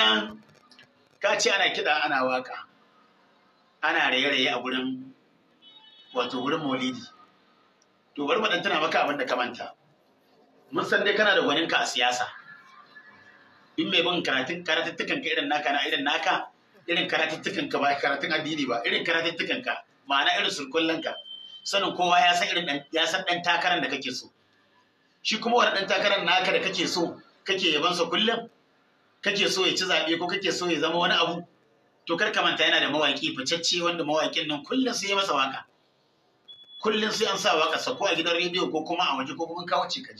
nan ka ce ana kiɗa ana waka ana raye-raye a gurin wato gurin maulidi to bari maɗan tana maka abin da ka manta mun san dai kana da gwaninka a siyasa in mai bin karatun karatuttukan ka irin naka na irin naka irin karatuttukan ka ba karatun addini ba irin karatuttukan ka ma'ana irin surkullan ka sanin kowa ya san irin ya san dan takaran da kake so shi kuma wani dan takaran naka da kake so kake yabansa kullum kake so ya ci zaɓe ko kake so ya zama wani abu to kar ka manta yana da mawaƙi ficacce wanda mawaƙin nan kullum sai ya masa waka kullum sai an sa waka sako a gidan rediyo ko kuma a waje ko kuma kawo ce ka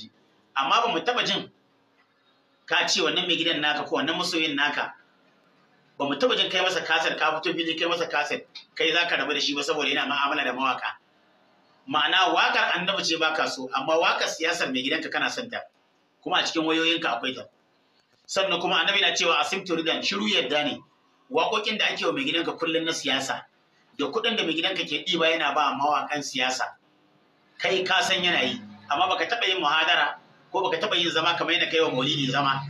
amma ba mu taɓa jin ka ce wannan mai gidan naka ko wannan masoyin naka ba mu taɓa jin kai masa kaset ka fito fili kai masa kaset kai za ka rabu da shi ba saboda yana ma'amala da mawaka ma'ana wakar annabi ce baka so amma wakar siyasar mai gidanka kana son ta kuma a cikin wayoyinka akwai ta sannan kuma annabi na cewa asimtu ridan shiru yadda ne waƙoƙin da ake wa mai gidanka kullum na siyasa da kuɗin da mai gidanka ke ɗiba yana ba mawaƙan siyasa kai ka san yana yi amma baka taɓa yin muhadara ko baka taɓa yin zama kamar yadda kai wa maulidi zama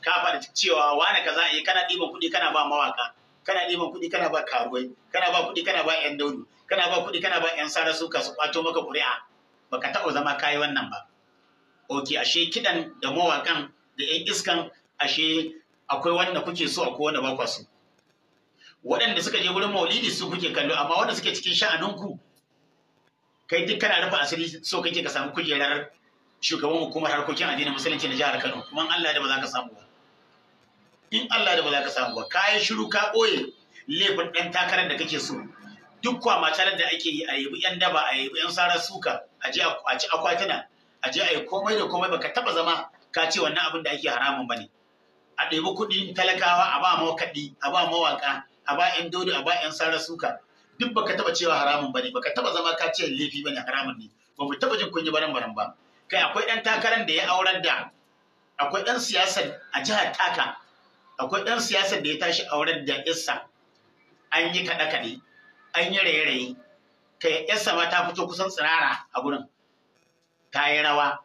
ka fara cewa wani kaza a yi kana ɗiban kuɗi kana ba mawaƙa kana ɗiban kuɗi kana ba karuwai kana ba kuɗi kana ba ƴan daudu kana ba kuɗi kana ba ƴan sara suka su kwato maka ƙuri'a baka taɓa zama kayi wannan ba. Ok, ashe kiɗan da mawaƙan da ƴan iskan ashe akwai wanda kuke so akwai wanda ba so waɗanda suka je wurin maulidi su kuke kallo amma wanda suke cikin sha'aninku kai duk kana rufe asiri so kake ka samu kujerar shugaban hukumar harkokin addinin musulunci na jihar Kano kuma Allah da ba za ka samu ba in Allah da ba za ka samu ba ka yi shiru ka ɓoye laifin ɗan takarar da kake so duk kwa kwamacalar da ake yi a yabi yan daba a yabi yan sarar suka a je a ci akwatuna a je a yi komai da komai baka taba zama ka ce wannan abin da ake haramun ba ne. a ɗebi kuɗi talakawa a ba mawakaɗi a ba mawaka a ba ƴan dodo a ba ƴan sarar suka duk baka taba cewa haramun bane baka taba zama ka ce laifi bane haramun ne ba mu taba jin kunyi baran baran ba kai akwai ɗan takaran da ya aurar da akwai ɗan siyasar a jihar taka akwai ɗan siyasar da ya tashi aurar da isa an yi kaɗe kaɗe an yi raye-raye kai isa ma ta fito kusan tsirara a gurin ta yi rawa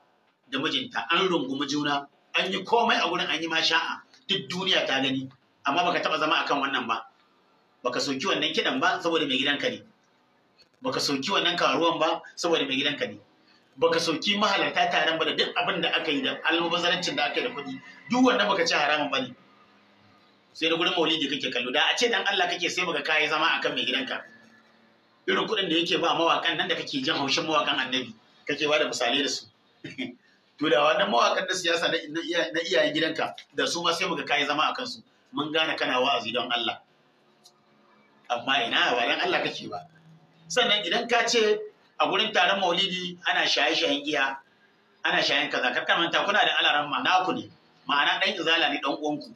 da mijinta an rungumi juna an yi komai a gurin an yi masha'a duk duniya ta gani amma baka taba zama akan wannan ba baka soki wannan kidan ba saboda mai gidanka ne baka soki wannan karuwan ba saboda mai gidanka ne baka soki mahalarta taron ba da duk abin da aka yi da almubazarancin da aka yi da kuɗi duk wannan baka ci haramun ba ne sai da gurin maulidi kake kallo da a ce dan Allah kake sai baka kai zama akan mai gidanka irin kuɗin da yake ba mawakan nan da kake jin haushin mawakan annabi kake ba da misalai da su to da wannan mawakan da siyasa na iyayen gidanka da su ma sai muka kai zama a kansu mun gane kana wa'azi don Allah amma ina ba dan Allah kake ba sannan idan ka ce a gurin taron maulidi ana shaye-shayen giya ana shayen kaza kakkan manta kuna da alaran ma naku ne ma'ana dan izala ne dan uwanku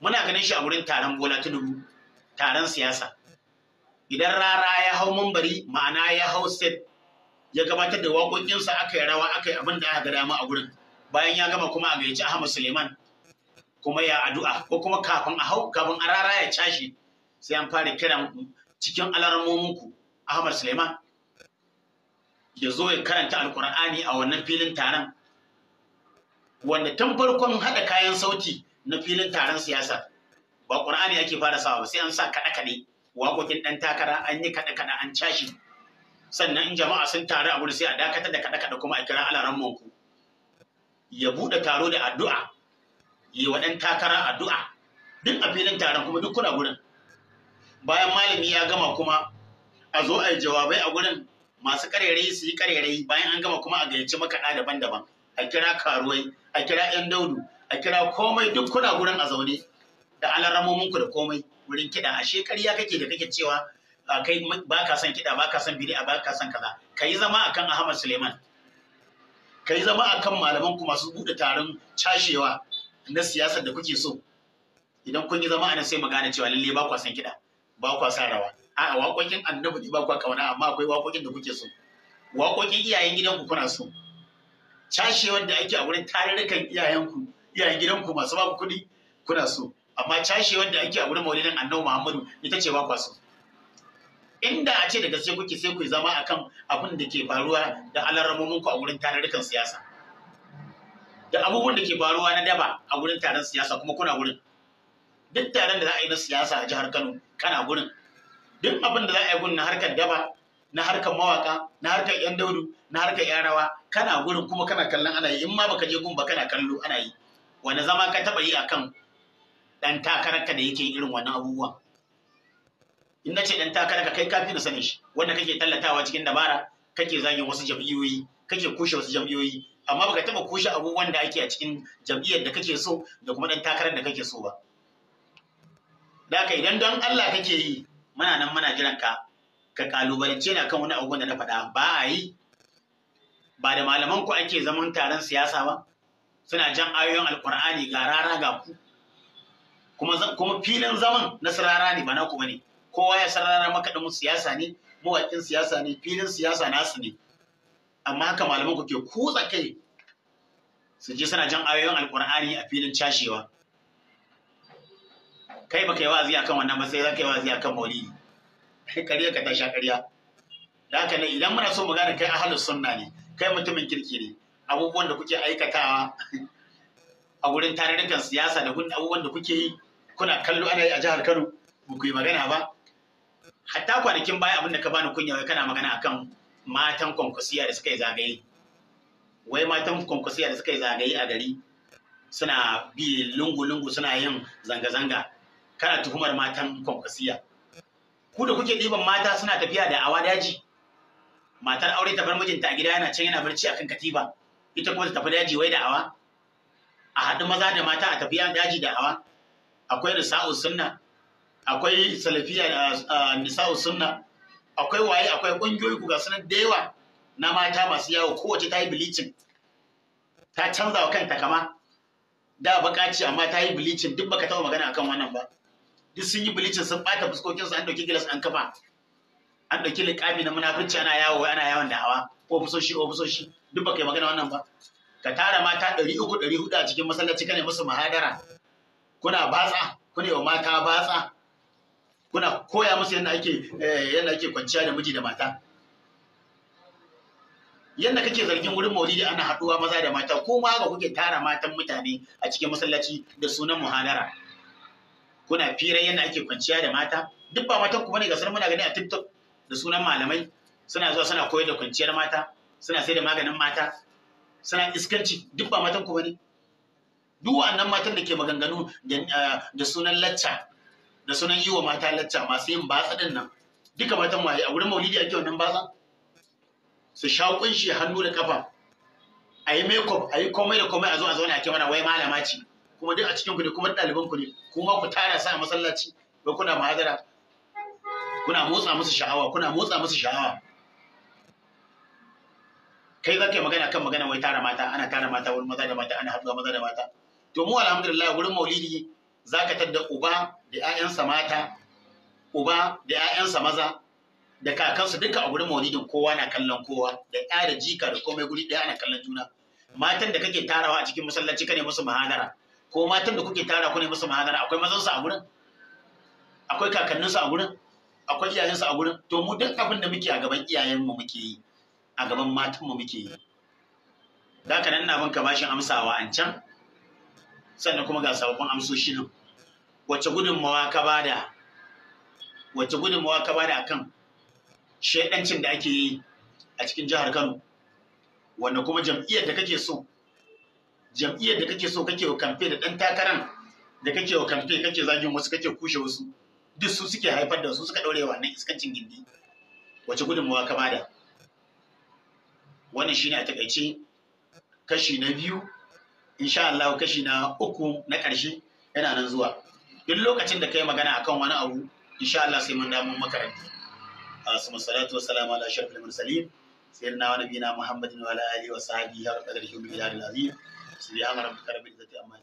muna ganin shi a gurin taron bola tudubu taron siyasa idan rara ya hau mambari ma'ana ya hau set ya gabatar da waƙoƙinsa aka yi rawa aka yi abin da aka gada mu a gurin bayan ya gama kuma a gayyaci Ahmad Suleiman kuma ya addu'a ko kuma kafin a hau kafin a rara ya cashi sai an fara kiran cikin alarmominku Ahmad Suleiman ya zo ya karanta alkur'ani a wannan filin taron wanda tun farkon haɗa kayan sauti na filin taron siyasa ba ƙur'ani ake fara sawa ba sai an sa kaɗe-kaɗe waƙoƙin ɗan takara an yi kaɗe-kaɗe an cashe. sannan in jama'a sun taru a wuri sai a dakatar da kaɗe kaɗe kuma a kira alaran manku ya buɗe taro da addu'a yi wa ɗan takara addu'a duk a filin taron kuma duk kuna gurin bayan malami ya gama kuma a zo a yi jawabai a gurin masu karerai su yi karerai bayan an gama kuma a gayyaci makaɗa daban-daban a kira karuwai a kira 'yan daudu a kira komai duk kuna gurin a zaune da alaramominku da komai wurin kiɗa a ya kake da kake cewa kai ba ka son kiɗa ba ka son bid'a ba ka son kaza ka yi zama akan Ahmad Suleiman ka yi zama akan malaman ku masu buɗe taron cashewa na siyasar da kuke so idan kun yi zama ana sai magana cewa lalle ba kwa son kiɗa ba kwa san rawa a'a waƙoƙin annabi ne ba kwa kauna amma akwai waƙoƙin da kuke so waƙoƙin iyayen gidanku kuna so cashewar da ake a wurin tarurrukan ku iyayen gidanku masu ba kuɗi kuna so amma cashewar da ake a wurin maulidan annabi Muhammadu ita ce ba kwa so inda a ce daga sai kuke sai ku zama akan abin da ke faruwa da alarramomin ku a wurin tarurrukan siyasa da abubuwan da ke faruwa na daba a wurin taron siyasa kuma kuna wurin duk taron da za a yi na siyasa a jihar Kano kana gurin duk abin da za a yi gurin na harkar daba na harkar mawaka na harkar yan daudu na harkar yan rawa kana gurin kuma kana kallon ana yi in ma baka je gun ba kana kallo ana yi wani zama ka taba yi akan dan takararka da yake irin wannan abubuwan in na ce dan takara ka kai kafi da sanin shi wanda kake tallatawa cikin dabara kake zage wasu jam'iyyoyi kake kushe wasu jam'iyyoyi amma baka taba kushe abubuwan da ake a cikin jam'iyyar da kake so da kuma dan takarar da kake so ba da ka idan don Allah kake yi muna nan muna jiran ka ka kalubalance na kan wani abubuwan da na faɗa ba a yi ba da malaman ku ake zaman taron siyasa ba suna jan ayoyin alkur'ani ga rara ga ku kuma filin zaman na sirara ne ba na ku bane kowa ya san ranar makaɗin siyasa ne mawaƙin siyasa ne filin siyasa nasu ne amma haka malaman ku ke kutsa kai su je suna jan ayoyin alkur'ani a filin cashewa kai baka yi wa'azi akan wannan ba sai za ka yi wa'azi akan maulidi kariya ka ta sha kariya da haka ne idan muna so mu gane kai ahlus sunna ne kai mutumin kirki ne abubuwan da kuke aikatawa a wurin tarihin siyasa da abubuwan da kuke yi kuna kallo ana yi a jihar Kano ba ku yi magana ba hatta kwanakin baya abin da ka bani kunya kana magana akan matan kwankwasiya da suka yi zagaye wai matan kwankwasiya da suka yi zagaye a gari suna bi lungu-lungu suna yin zanga-zanga kana tuhumar matan kwankwasiya ku da kuke ɗiban mata suna tafiya da awa daji matar aure ta bar mijinta a gida yana can yana barci akan katiba ita kuma ta tafi daji wai da awa a haɗu maza da mata a tafiya daji da awa akwai risa'u sunna akwai salafiya a nisa'u sunna akwai waye akwai ƙungiyoyi ku gasu na da yawa na mata masu yawo kowace ta yi bilicin ta canza wa kanta kama da bakaci amma ta yi bilicin duk baka taɓa magana akan wannan ba duk sun yi bilicin sun ɓata fuskokin su an ɗauki gilas an kafa an ɗauki liƙami na munafurci ana yawo ana yawon da hawa ofisoshi ofisoshi duk baka yi magana wannan ba ka tara mata ɗari uku ɗari huɗu a cikin masallaci kana musu mahadara kuna batsa kuna yi wa mata batsa kuna koya musu yadda ake eh, yadda ake kwanciya da miji da mata yadda kake zargin wurin maulidi ana haɗuwa maza da mata ko ma ga kuke tara matan mutane a cikin masallaci da sunan muhadara kuna fira yadda ake kwanciya da mata duk ba matan kuma ne ga muna gani a tiktok da sunan malamai suna zuwa suna koyar da kwanciyar mata suna sai da maganin mata suna iskanci duk ba matan kuma ne duk wa'annan matan da ke maganganu da eh, sunan lacca da sunan yi wa mata lacca masu yin batsa din nan duka matan waye a wurin maulidi ake wannan batsa su sha kunshi hannu da kafa a yi makeup a yi komai da komai a zo a zauna ake mana wai malama ce kuma duk a cikin ku ne kuma ɗaliban ku ne kuma ku tara sa a masallaci ba kuna mahadara kuna motsa musu sha'awa kuna motsa musu sha'awa kai zaka magana kan magana wai tara mata ana tara mata wurin maza da mata ana haɗuwa maza da mata to mu alhamdulillah wurin maulidi zaka tadda uba da 'ya'yansa mata uba da 'ya'yansa maza da kakansu duka a gurin maulidin kowa na kallon kowa da ya da jika da komai guri ɗaya na kallon juna matan da kake tarawa a cikin masallaci kane musu mahadara ko matan da kuke tara ku ne musu mahadara akwai mazansu a gurin akwai kakanninsu a gurin akwai iyayensu a gurin to mu duk abin da muke a gaban iyayenmu muke yi a gaban matanmu muke yi da haka nan na bin ka bashin amsawa an can sannan kuma ga sababbin amsoshi nan wace gudunmawa ka bada wace gudunmawa ka bada kan shaidancin da ake yi a cikin jihar Kano wanda kuma jam'iyyar da kake so jam'iyyar da kake so kake wa kamfe da dan takaran da kake wa kamfe kake zagin wasu kake kushe wasu duk su suke haifar da su suka daure wa nan iskancin gindi wace gudunmawa ka bada wannan shine a takaice kashi na biyu insha Allah kashi na uku na ƙarshe yana nan zuwa duk lokacin da ka yi magana akan wani abu insha Allah sai mun damu maka makaranti asma salatu wassalamu ala ashrafil mursalin sayyidina wa nabiyina muhammadin wa ala alihi wa sahbihi har qadrihi bil azim subhana rabbika rabbil izzati amma